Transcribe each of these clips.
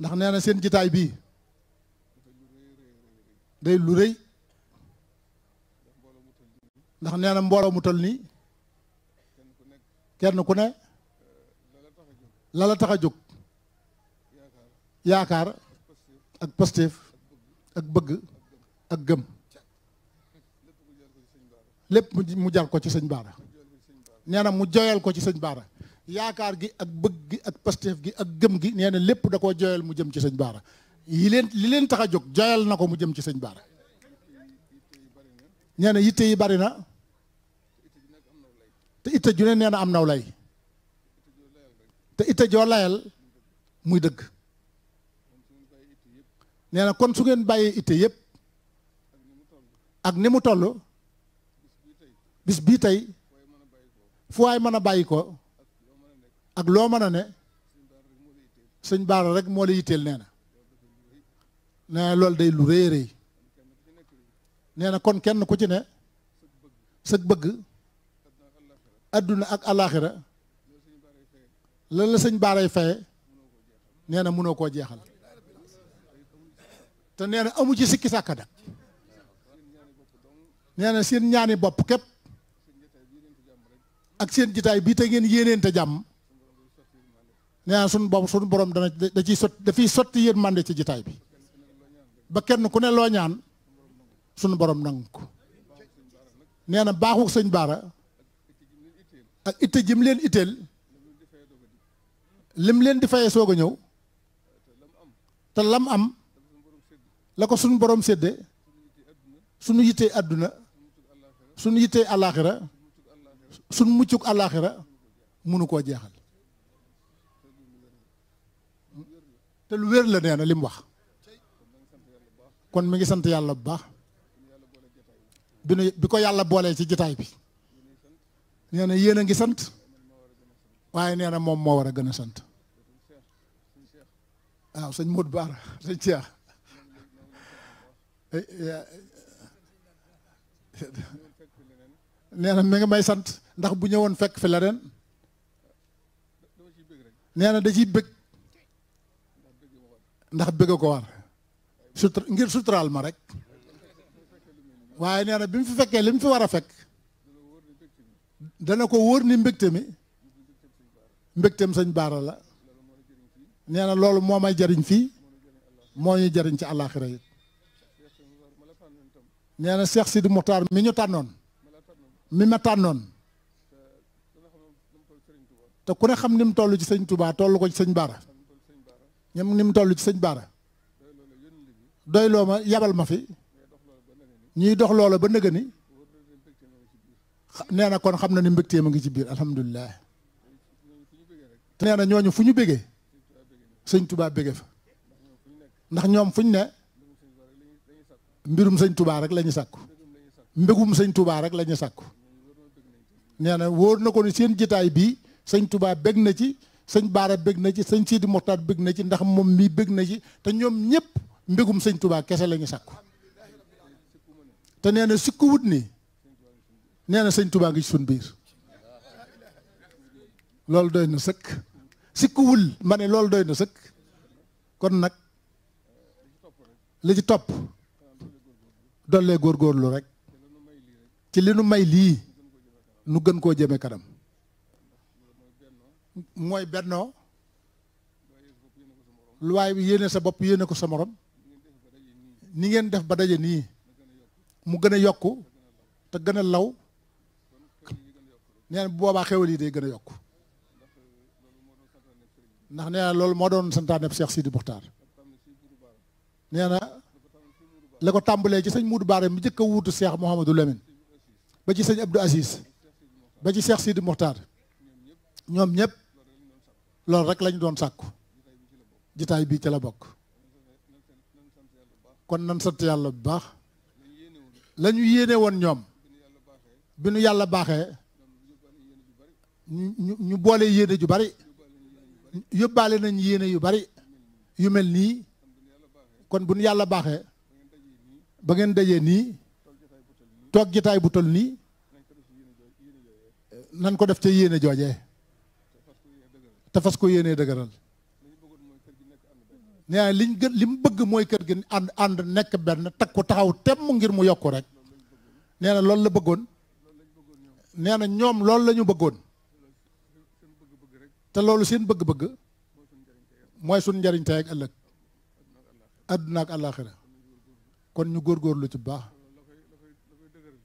ndax nee na seen jitaay bii day lu rëy ndax nee na mbooloo mu toll nii kenn ku ne la la tax a jóg yaakaar ak Pastef ak bëgg ak gëm lépp mu jar ko ci sëñ Baara nee na mu joyal ko ci sëñ Baara yaakaar gi ak bëgg gi ak pasteef gi ak gëm gi nee na lépp da koo joyal mu jëm ci sëñ baara yi leen li leen tax a jóg joyal na ko mu jëm ci sëñ baara nee na yitte yi bari na te itte ju ne nee na am naw lay te itte joo layal muy dëgg nee na kon su ngeen bàyyee itte yépp ak ni mu toll bis bii tey fu waay mën a bàyyi ko ak loo mën a ne sëñ Baara rek moo la yitteel nee na nee loolu day lu rëy rëy nee na kon kenn ku ci ne sëg bëgg àdduna ak alaxira la la sëñ Baaray faye nee na mënoo koo jeexal te nee amu ci sikki sàkka nag nee seen ñaani bopp képp ak seen jitaay bii te ngeen yéeneen te jàmm nee naa suñu boobu suñu borom dana da ciy sotti dafiy sotti yéen mànde ci jitaay bi ba kenn ku ne loo ñaan suñu borom nangu ko nee na baaxu sëñ baara ak itte jim leen itteel lim leen di fayee soog a ñëw te lam am la ko suñu borom sédde suñu yittee àdduna suñu yittee àllaaxira suñu muccuk àllaaxira mënu koo jeexal te lu wér la nee na li mu wax kon mi ngi sant yàlla bu baax bi nu bi ko yàlla boolee ci jataay bi nee na yéen a ngi sant waaye nee na moom moo war a gën a sant waaw sëñ Modou Baara sëñ Cheikh eh, eh, eh. na mi ngi may sant ndax bu ñëwoon fekk fi la ren da ciy bëgg ndax bëgg ko war sutura ngir suturaal ma rek waaye nee na bi mu fi fekkee li mu fi war a fekk dana ko wóor ni mbégte mi mbégteem sañ baara la nee na loolu moo may jariñ fii moo ñu jariñ ci àllaaxira yi nee na Cheikh Sidi Mokhtar mi ñu tànnoon mi ma tànnoon te ku ne xam ni mu ci sëñ tubaa toll ko ci sëñ Baara ñoom ni mu toll ci sëñ Baara doy loo ma yabal ma fi ñuy dox loola ba nëgë ni kon xam na ni mbégteem a ngi ci biir alhamdulilah nee na ñooñu fu ñu bégee sëñ Touba bége fa ndax ñoom fu ñu ne mbirum sëñ Touba rek la ñu sàkku mbégum sëñ Touba rek la ñu sàkku nee na wóor na ko seen jitaay bii sëñ Touba bég na ci sëñ Baara bëgg na ci sëñ Sidi Moxtaar bëgg na ci ndax moom mii bég na ci te ñoom ñëpp mbégum sëñ Touba kese la ñu sàkku te nee na sikku wut nii nee sëñ Touba ngi ci suñ biir loolu doy na sëkk sikkuwul ma ne loolu doy na sëkk kon nag li ci topp dollee góorgóorlu rek ci li nu may lii nu gën koo jëme kanam mooy bennoo lu waay bi yéene sa bopp yéene ko sa morom ni ngeen def ba daje nii mu gën a yokk te gën a law nee na bu boobaa xewal lii day gën a yokk ndax nee na loolu moo doon santaane Cheikh Sidi Buxtaar nee na la ko tàmbalee ci sëñ Muudu Baare mi njëkk a wuutu Cheikh Mouhamadou Lamine ba ci sëñ Abdou Aziz ba ci Cheikh Sidi Muxtaar ñoom ñëpp loolu rek lañ doon sàkku jitaay bii ci la bokk kon nan sant yàlla bu baax la ñu yéene woon ñoom bi nu yàlla baaxee ñu ñu boole yéene ju bari yóbbaale nañ yéene yu bari yu mel nii kon bu nu yàlla baaxee ba ngeen dajee nii toog jitaay bu tol nii nan ko def ca yéene joojee te fas ko yéenee dëgëral nee liñ gën li mu bëgg mooy kër gi ànd ànd nekk benn tag ko taxaw temm ngir mu yokku rek nee na loolu la bëggoon nee na ñoom loolu la ñu bëggoon te loolu seen bëgg-bëgg mooy suñ njariñ tey ak ëllëg adduna ak àllaaxira kon ñu góor góorgóorlu ci baax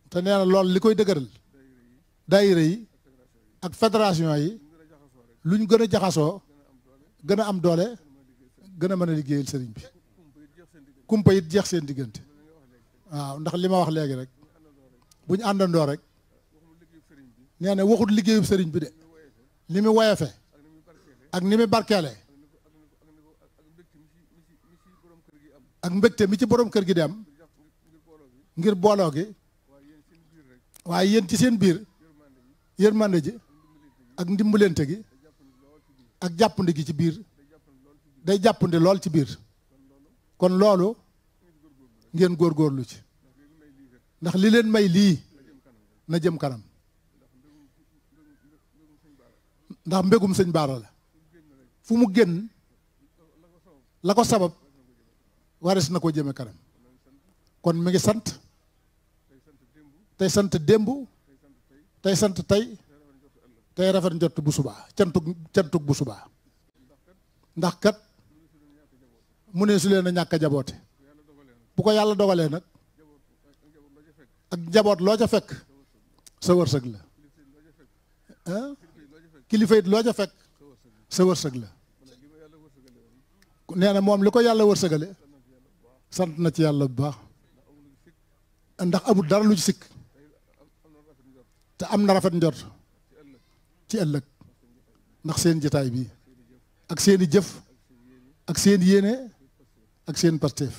te nee lool li koy dëgëral daayira yi ak fédération yi luñ gën a jaxasoo gën a am doole gën a mën a liggéeyal sëriñ bi kumpa it jeex seen diggante waaw ndax li ma wax léegi rek bu ñu àndandoo rek nee na waxut liggéeyub sëriñ bi de ni mu woyefe ak ni mu barkeele ak mbégte mi ci boroom kër gi di am ngir booloo gi waaye yéen ci seen biir yërmande ji ak ndimbalante gi ak jàppandi gi ci biir day jàppandi lool ci biir kon loolu ngeen góorgóorlu ci ndax li leen may lii na jëm kanam ndax mbégum sëñ baara la fu mu génn la ko sabab waris na ko jëme kanam kon mi ngi sant tey sant démb tey sant tey tey rafet njot bu subaa cantug cantug bu subaa ndax kat mu ne su leen a ñàkk a jaboote bu ko yàlla dogalee nag ak jaboot loo ca fekk sa wërsëg la kilifa it loo ca fekk sa wërsëg la nee na moom li ko yàlla wërsëgale sant na ci yàlla bu baax ndax amul dara lu ci sikk te am na rafet njort ci ëllëg ndax seen jataay bi ak seeni jëf ak seen yéene ak seen pasteef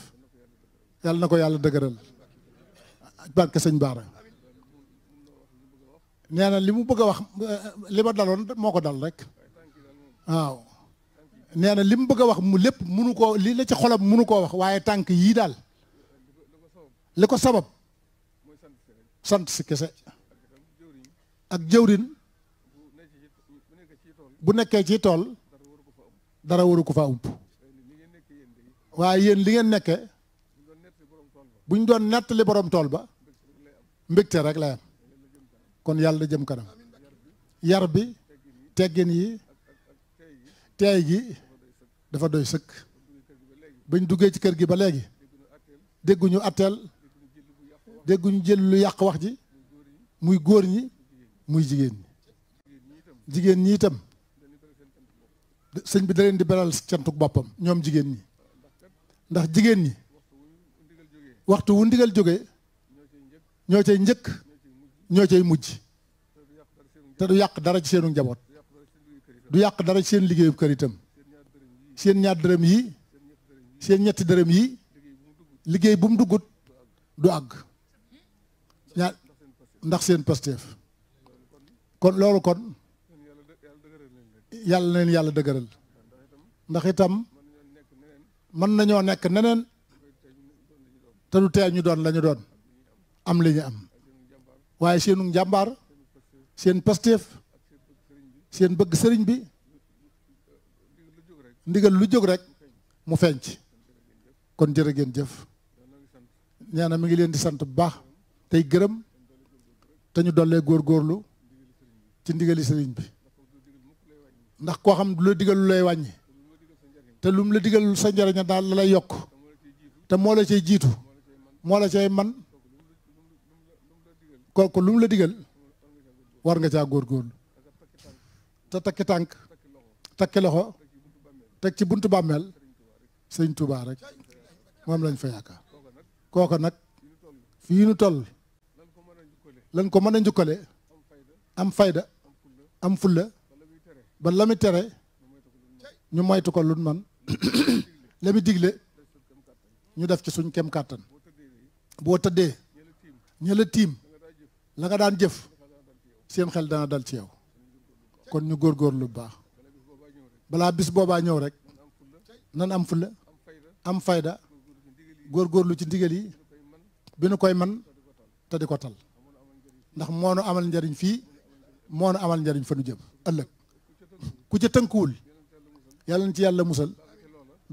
yàlla na ko yàlla dëgëral barke sëñ Baara nee li mu bëgg a wax li ma daloon moo ko dal rek waaw nee li mu bëgg wax mu lépp munu koo li la ci xolam munu koo wax waaye tànk yii daal li ko sabab sant si kese ak jëwrin bu nekkee ci tool dara waru ko fa ump waaye yéen li ngeen nekke bu ñu doon nettali borom tool ba mbégte rek lay am kon yàlla jëm kanam yar bi teggin yi teey gi dafa doy sëkk bañ duggee ci kër gi ba léegi dégguñu atteel dégguñu jël lu yàq wax ji muy góor ñi muy jigéen ñi jigéen ñi itam sëñ bi daleen di beral cantuk boppam ñoom jigéen ñi ndax jigéen ñi waxtu wu ndigal jógee ñoo cay njëkk ñoo cay mujj te du yàq dara ci seenu njaboot du yàq dara ci seen liggéeyu kër itam seen ñaar dërëm yi seen ñetti dërëm yi liggéey bu mu duggut du àgg ñaar ndax seen Pastef kon loolu kon yàlla na leen yàlla dëgëral ndax itam mën nañoo nekk neneen te du tee ñu doon la ñu doon am li am waaye seenu njàmbaar seen pastéef seen bëgg sëriñ bi ndigal lu jóg rek mu feeñc kon jërë ngeen jëf nee na mi ngi leen di sant bu baax tey gërëm te ñu góor góorgóorlu ci ndigali sëriñ bi ndax koo xam lu la digal lu lay wàññi te lu mu la digal sa njariñ daal la lay yokk te moo la cay jiitu moo la cay man kooku lu mu la digal war nga caa góorgóorlu te takki tànk takki loxo teg ci buntu bàmmeel sëñ Touba rek moom lañ fa yaakaar kooka nag fii nu tol lan ko mën a njukkale am fayda am fulla ba la mu tere ñu moytu ko lu man la mu digle ñu def ci suñ kem kàttan boo tëddee ña la tiim la nga daan jëf seen xel dana dal ci yow kon ñu góor góorgóor lu baax balaa bis boobaa ñëw rek nan am fulla am fayda góorgóorlu ci ndigal yi bi nu koy man te di ko tal ndax moo nu amal njariñ fii moo nu amal njariñ fa nu jëm ku ca tënkuwul yàlla na ci yàlla musal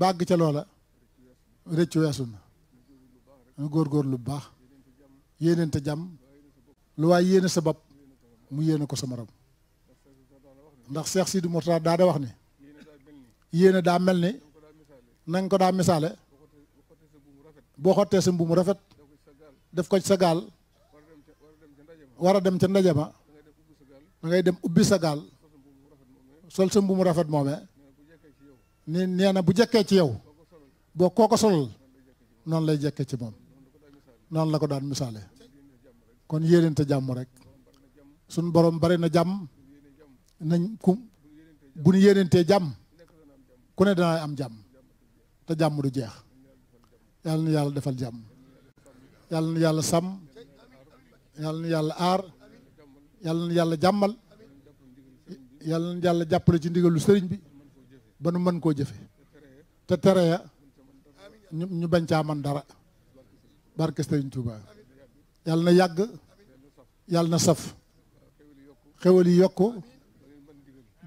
bàgg ca loola rëccu weesu na nu góor-góor lu baax yéeneen te jàmm lu waay yéene sa bopp mu yéene ko sa morom ndax Cheikh Sidi Mourtada daa da wax ne yéene daa mel ni na nga ko daa misaale boo xottee sa mbuumu rafet def ko ci sa gaal war a dem ca ndaje ma da ngay dem ubbi sa gaal sol sa mbubu mu rafet moome ni nee na bu jekkee ci yow boo koo ko solal noonu lay jekkee ci moom noonu la ko daan misaale kon yéenente jàmm rek suñ boroom bari na jàmm nañ ku bu ñu yéenentee jàmm ku ne dana am jàmm te jàmm du jeex yàlla na yàlla defal jàmm yàlla na yàlla sàmm yàlla na yàlla aar yàlla na yàlla jàmmal yàlla na yàlla jàppale ci ndigalu sëriñ bi ba nu man koo jëfe te tere ya ñu bañ caa man dara barke sëriñ Touba yàlla na yàgg yàlla na saf xewal yi yokk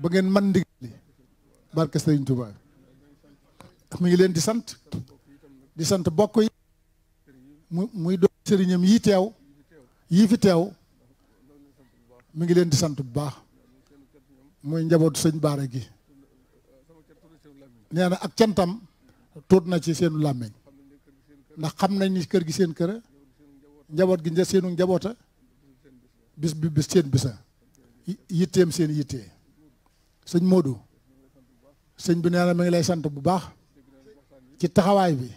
ba ngeen man ndigal li barke sëriñ Touba ngi leen di sant di sant bokk yi mu muy doon sëriñam yi teew yii fi teew mi ngi leen di sant bu baax muy njabootu sëñ Baara gi nee na ak cantam tuut na ci seenu làmmiñ ndax xam nañ ni kër gi seen kër njaboot gi nja seenu njaboota bis bi bis seen bisa yitteem seen yittee sëñ Modou sëñ bi nee na mi ngi lay sant bu baax ci taxawaay bi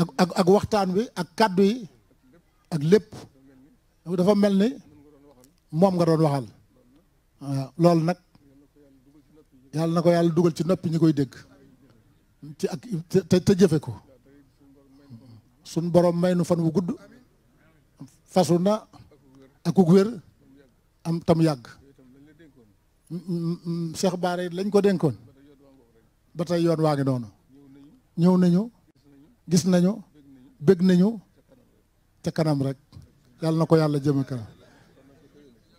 ak ak waxtaan wi ak kàddu yi ak lépp dafa mel ni moom nga doon waxal waaw loolu nag yàlla na ko yàlla dugal ci noppi ñu koy dégg ak te jëfe ko suñ borom may nu fan wu gudd fasu na akuk wér am tam yàgg Cheikh Baara it lañ ko denkoon ba tey yoon waa ngi noonu ñëw nañu gis nañu bëgg nañu ca kanam rek yàlla na ko yàlla jëme kanam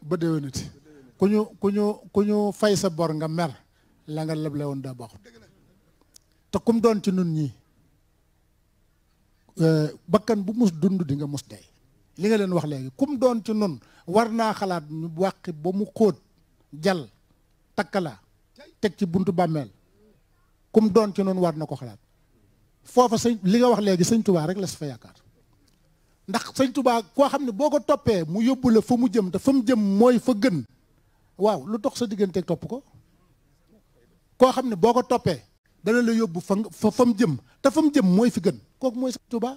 ba déwénati ku ñu ku ñu ku ñu fay sa bor nga mer la nga leble woon daa baaxut te kum doon ci nun ñii eh, bakkan bu mus dund di nga mus dee li nga leen wax léegi kum doon ci nun war naa xalaat ñu wàqi ba mu xóot jal takk la teg ci bunt bàmmeel kum doon ci nun war na ko xalaat foofa sëñ li nga wax léegi sëñ tubaa rek la sa fa yaakaar ndax sëñ tubaa koo xam ne boo ko toppee mu yóbbu la fa mu jëm te fa mu jëm mooy fa gën waaw lu tox sa digganteeg topp ko koo xam ne boo ko toppee dana la yóbbu fa fa mu jëm te fa mu jëm mooy fi gën kooku mooy sëñ Tuubaa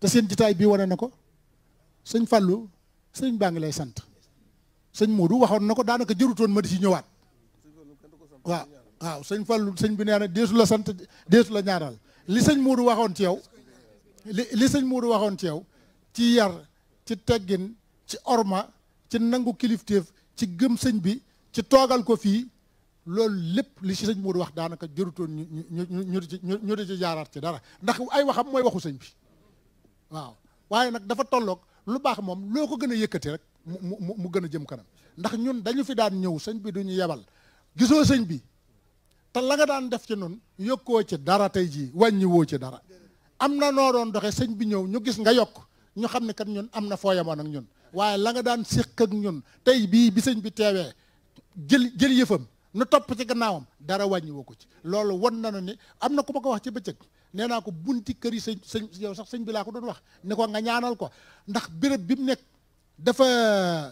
te seen jitaay bii wane na ko sëñ Fallou sëñ baa ngi lay sant sëñ Modou waxoon na ko daanaka jërutoon ma di ci ñëwaat waaw sëñ fallu sëñ bi nee na deesu la sant deesu la ñaanal li sëñ Modou waxoon ci yow li li sëñ Modou waxoon ci yow ci yar ci teggin ci orma ci nangu kilifteef ci gëm sëñ bi ci toogal ko fii loolu lépp li si sëñ Modou wax daanaka jërutoon ñu ñu ñu ñu ñu di ci jaaraat ci dara ndax ay waxam mooy waxu sëñ bi waaw waaye nag dafa tollook lu baax moom loo ko gën a yëkkati rek mu mu mu gën a jëm kanam ndax ñun dañu fi daan ñëw sëñ bi du yebal gisoo sëñ bi te la nga daan def ci noonu yokkoo ci dara tey jii wàññi ci dara am na noo doon doxee sëñ bi ñëw ñu gis nga yokk ñu xam ne kat ñun am na foo yemoon ak ñun waaye la nga daan séq ak ñun tey bii bi sëñ bi teewee jël jël yëfam nu topp ci gannaawam dara wàññiwoo ko ci loolu won na ne am na ku ma ko wax ci bëccëg neenaa naa ko bunti kër yi sëñ sëñ sax sëñ bi laa ko doon wax ni ko nga ñaanal ko ndax béréb bi mu nekk dafa euh,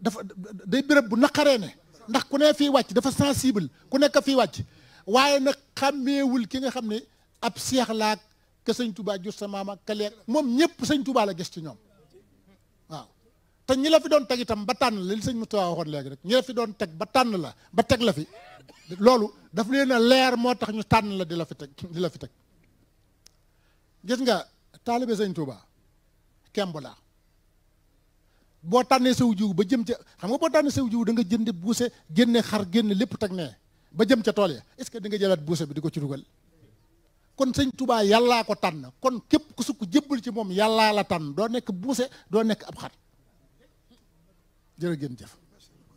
dafa day béréb bu naqaree ne ndax ku ne fii wàcc dafa sensible ku nekk fii wàcc waaye nag xàmmeewul ki nga xam ne ab seex laak ka sëñ Touba jur sa maama ka leeg moom ñëpp sëñ Touba la gis ci ñoom te ñi la fi doon teg itam ba tànn la li sëñ Moustapha waxoon léegi rek ñi fi doon teg ba tànn la ba teg la fi loolu daf leen leer moo tax ñu tànn la di la fi teg di la fi teg gis nga taalibe sëñ Touba kemb laa boo tànnee saw jiw ba jëm ca xam nga boo tànnee saw jiw da nga jëndi buuse génne xar génne lépp teg nee ba jëm ca tool ya est-ce que di nga jëlaat buuse bi di ko ci dugal kon sëñ Touba yàllaa ko tànn kon képp ku sukk jébbal ci moom yàllaa la tànn doo nekk buuse doo nekk ab xar jërë ngeen jëf